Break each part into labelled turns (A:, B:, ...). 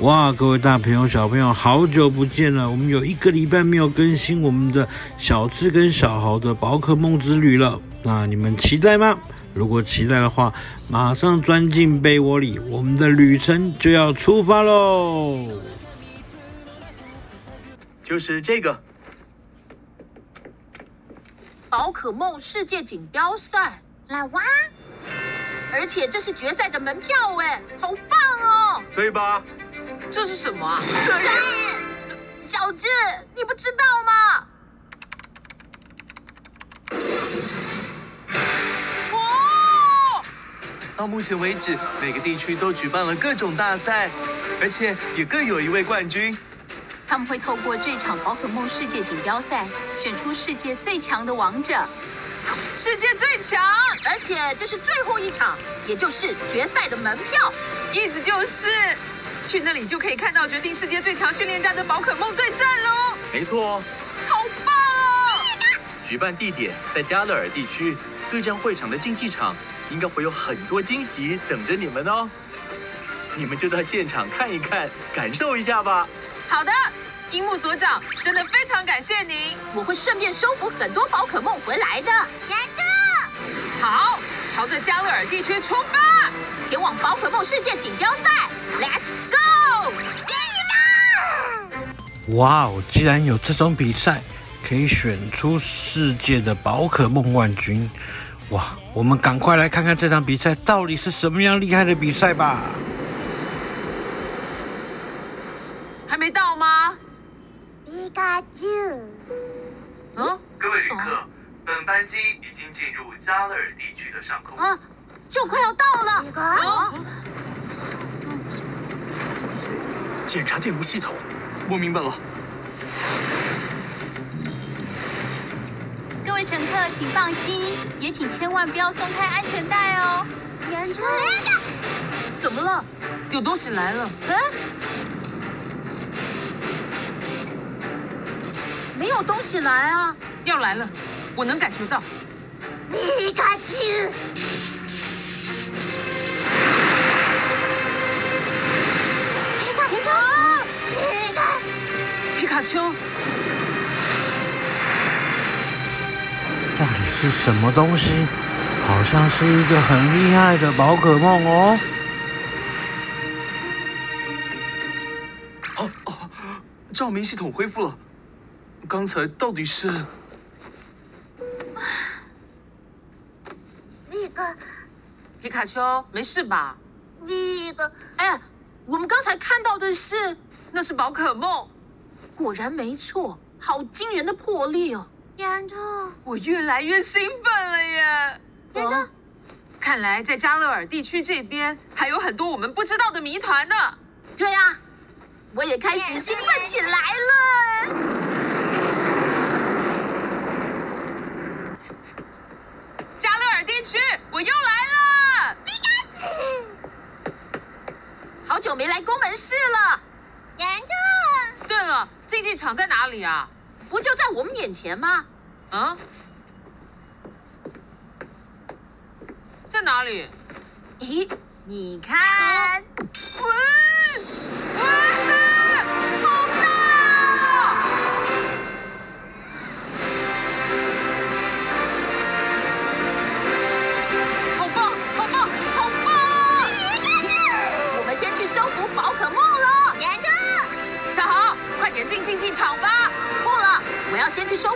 A: 哇，各位大朋友、小朋友，好久不見了！我們有一個禮拜沒有更新我們的小智跟小豪的寶可夢之旅了，那你們期待嗎？如果期待的話，馬上鑽進被窩裡，我們的旅程就要出發嘍！就是這個寶可夢世界錦標賽，來哇！而且
B: 這是決
C: 賽的門票，哎，好棒哦！對吧？這是什麼啊？哎呀，小智，你不知道嗎？
D: 到目前為止，每個地區都舉辦了各種大賽，而且也各有一位冠軍。
C: 他們會透過這場寶可夢世界錦標賽，選出世界最強的王者。世界最強，而且這是最後一場，也就是決賽的門票，意思就是。去那裡就可以看到決定世界最強訓練家的寶可夢對戰嘍！
B: 沒錯哦，好
C: 棒
B: 哦！的舉辦地點在加勒爾地區對戰會場的競技場，應該會有很多驚喜等着你們哦。你們就到現場看一看，感受一下吧。
C: 好的，櫻木所長，真的非常感謝您，我會順便收服很多寶可夢回來的。岩哥動，好，朝着加勒爾地區出發，前往寶可夢世界錦標賽。Let's
A: go！哇哦，既然有這種比賽，可以選出世界的寶可夢冠軍，哇、wow！我們趕快來看看這場比賽到底是什麼樣厲害的比賽吧！
C: 還沒到嗎？皮卡丘！嗯？各
A: 位旅客，本班機
D: 已經進入加勒爾地區的上
C: 空，啊，就快要到了！啊啊
D: 檢查電路系統，我明白了。
C: 各位乘客，請放心，也請千萬不要鬆開安全帶哦，繫安全帶。怎麼了？有東西來了？嗯、啊？沒有東西來啊？要來了，我能感覺到。尼克斯。
A: 到底是什麼東西？好像是一個很厲害的寶可夢哦！哦
D: 哦、啊啊，照明系統恢復了。剛才到底是
C: 那個皮卡丘沒事吧？那個格哎呀，我們剛才看到的是，那是寶可夢。果然沒錯，好驚人的魄力哦，亞特，我越來越興奮了耶，看來在加勒爾地區這邊還有很多我們不知道的謎團呢，對呀，我也開始興奮起來了。不就在我們眼前嗎？啊，在哪裡？你你看，啊啊啊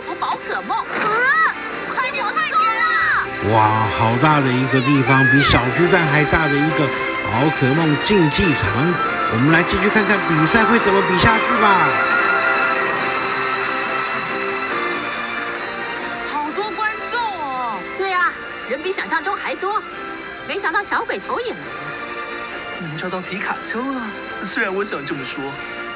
C: 福寶可夢，快點，我太累了。
A: 哇，好大的一個地方，比小巨蛋還大的一個寶可夢競技場，我們來繼續看看比賽會怎麼比下去吧。好多觀眾
C: 哦。對啊，人比想象中還多。沒想到小鬼頭也
D: 來了。能找到皮卡丘了，雖然我想這麼說。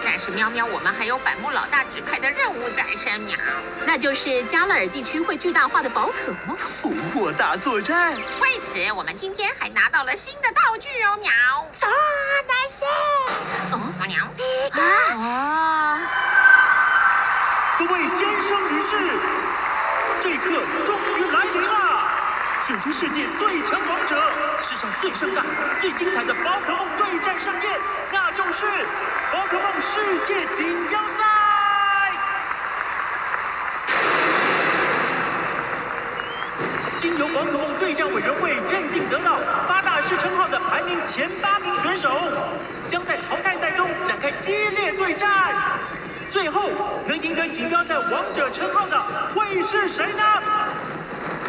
C: 但是喵喵，我們還有百慕老大指派的任務在身喵，那就是加勒爾地區會巨大化的寶可夢捕獲大作戰。為此，我們今天還拿到了新的道具哦，喵！
B: 什麼、啊？哪些？哦、嗯，喵。啊！啊各位先生女士，這一刻終於來臨了，選出世界最強王者，史上最盛大、最精彩的寶可夢對戰盛宴！是《寶可夢世界錦標賽》。經由《寶可夢對戰委員會》認定得到“八大師”稱號的排名前八名選手，將在淘汰賽中展開激烈對戰。最後能贏得錦標賽王者稱號的會是誰呢？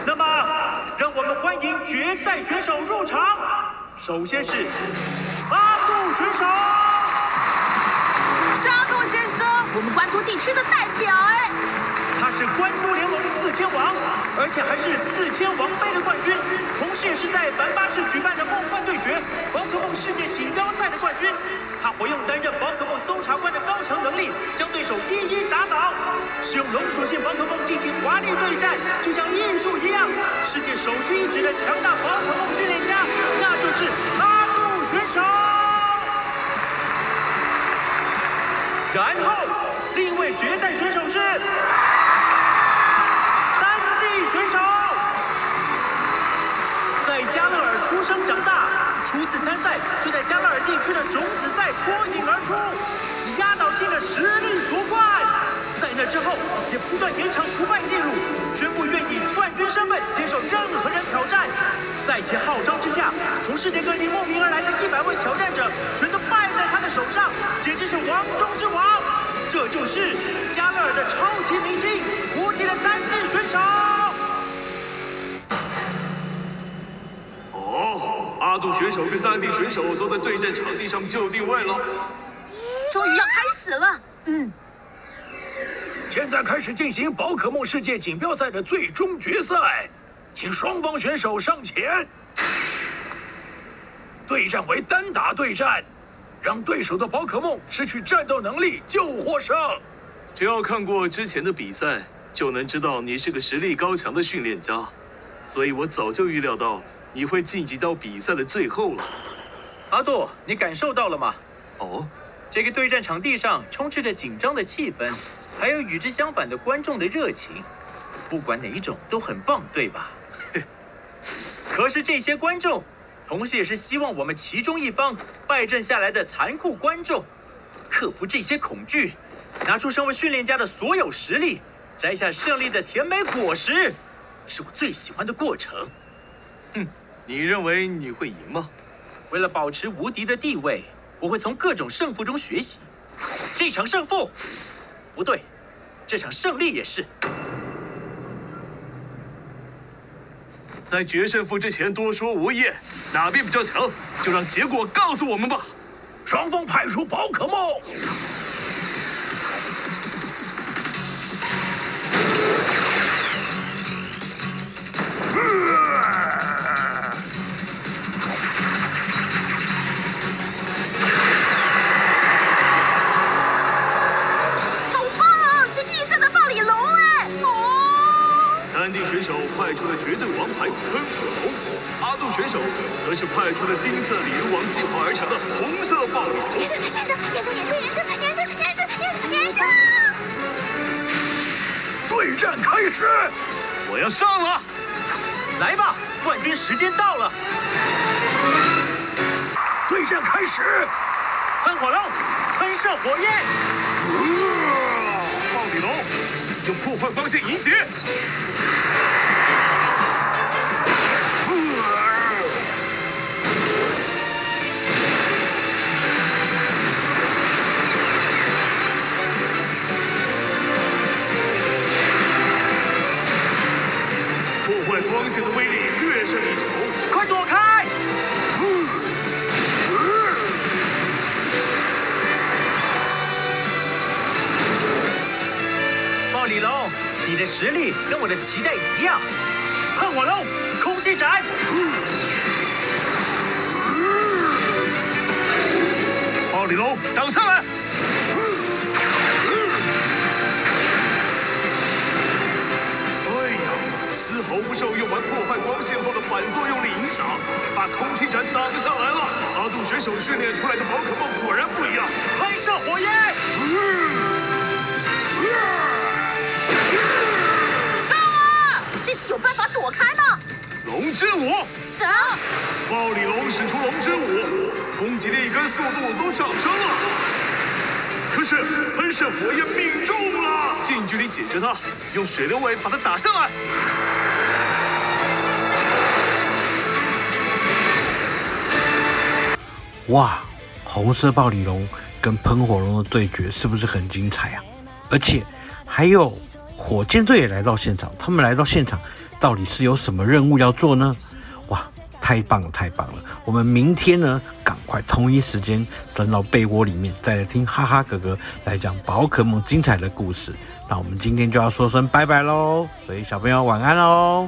B: 那麼，讓我們歡迎決賽選手入場。首先是。八度選手，沙杜先生，我們關都地區的代表。哎，他是關都聯盟四天王，而且還是四天王杯的冠軍，同時也是在凡巴市舉辦的夢幻對決《寶可夢世界錦標賽》的冠軍。他活用擔任寶可夢搜查官的高強能力，將對手一一打倒，使用龍屬性寶可夢進行華麗對戰，就像藝術一樣，世界首屈一指的強大寶可夢訓練家。然後，另一位決賽選手是丹帝選手，在伽勒爾出生長大，初次參賽就在伽勒爾地區的種子賽脫穎而出，以壓倒性的實力奪冠。在那之後，也不斷延長不敗記錄，宣布願意以冠軍身份接受任何人挑戰。在其號召之下，從世界各地慕名而來的一百位挑戰者。簡直是王中之王，這就是加勒爾的超級明星，無敵的丹帝選手。
D: 哦，阿杜選手跟丹帝選手都
B: 在對戰場地上就定位了，
C: 終於要開始了。嗯，
B: 現在開始進行寶可夢世界錦標賽的最終決賽，請雙方選手上前，對戰為單打對戰。讓對手的寶可夢失去戰鬥能力就獲勝。
D: 只要看過之前的比賽，就能知道你是個實力高強的訓練家，
B: 所以我早就預料到你會晉級到比賽的最後了。阿渡，你感受到了嗎？哦，這個對戰場地上充斥着緊張的氣氛，還有與之相反的觀眾的熱情，不管哪一種都很棒，對吧？對。可是這些觀眾。同時，也是希望我們其中一方敗陣下來的殘酷觀眾，克服這些恐懼，拿出身為訓練家的所有實力，摘下勝利的甜美果實，是我最喜歡的過程。哼、嗯，你認為你會贏嗎？為了保持無敵的地位，我會從各種勝負中學習。這場勝負。不對，這場勝利也是。
D: 在決勝負之前多說無益，哪邊比較強，就讓結果告訴我們吧。雙方派出寶可夢。阿杜選手則是派出了金色鯉魚王進化而成的紅色暴鯉
B: 龍。對戰開始，我要上了，來吧，冠軍時間到了。對戰開始，噴火龍噴射火焰！啊，暴鯉龍用破壞光線迎擊！
D: 龍形的威力略勝一籌，
B: 快躲開！嗯嗯、暴鯉龍，你的實力跟我的期待一樣。噴火龍，空氣斬！嗯嗯、
D: 暴鯉龍，擋下來。我也命中了，近距離解決它，用水流尾把它打下
A: 來。哇，紅色暴鯉龍跟噴火龍的對決是不是很精彩啊？而且還有火箭隊也來到現場，他們來到現場到底是有什麼任務要做呢？太棒了，太棒了！我們明天呢，趕快同一時間鑽到被窩裡面，再來聽哈哈哥哥來講寶可夢精彩的故事。那我們今天就要說聲拜拜嘍，所以小朋友晚安嘍。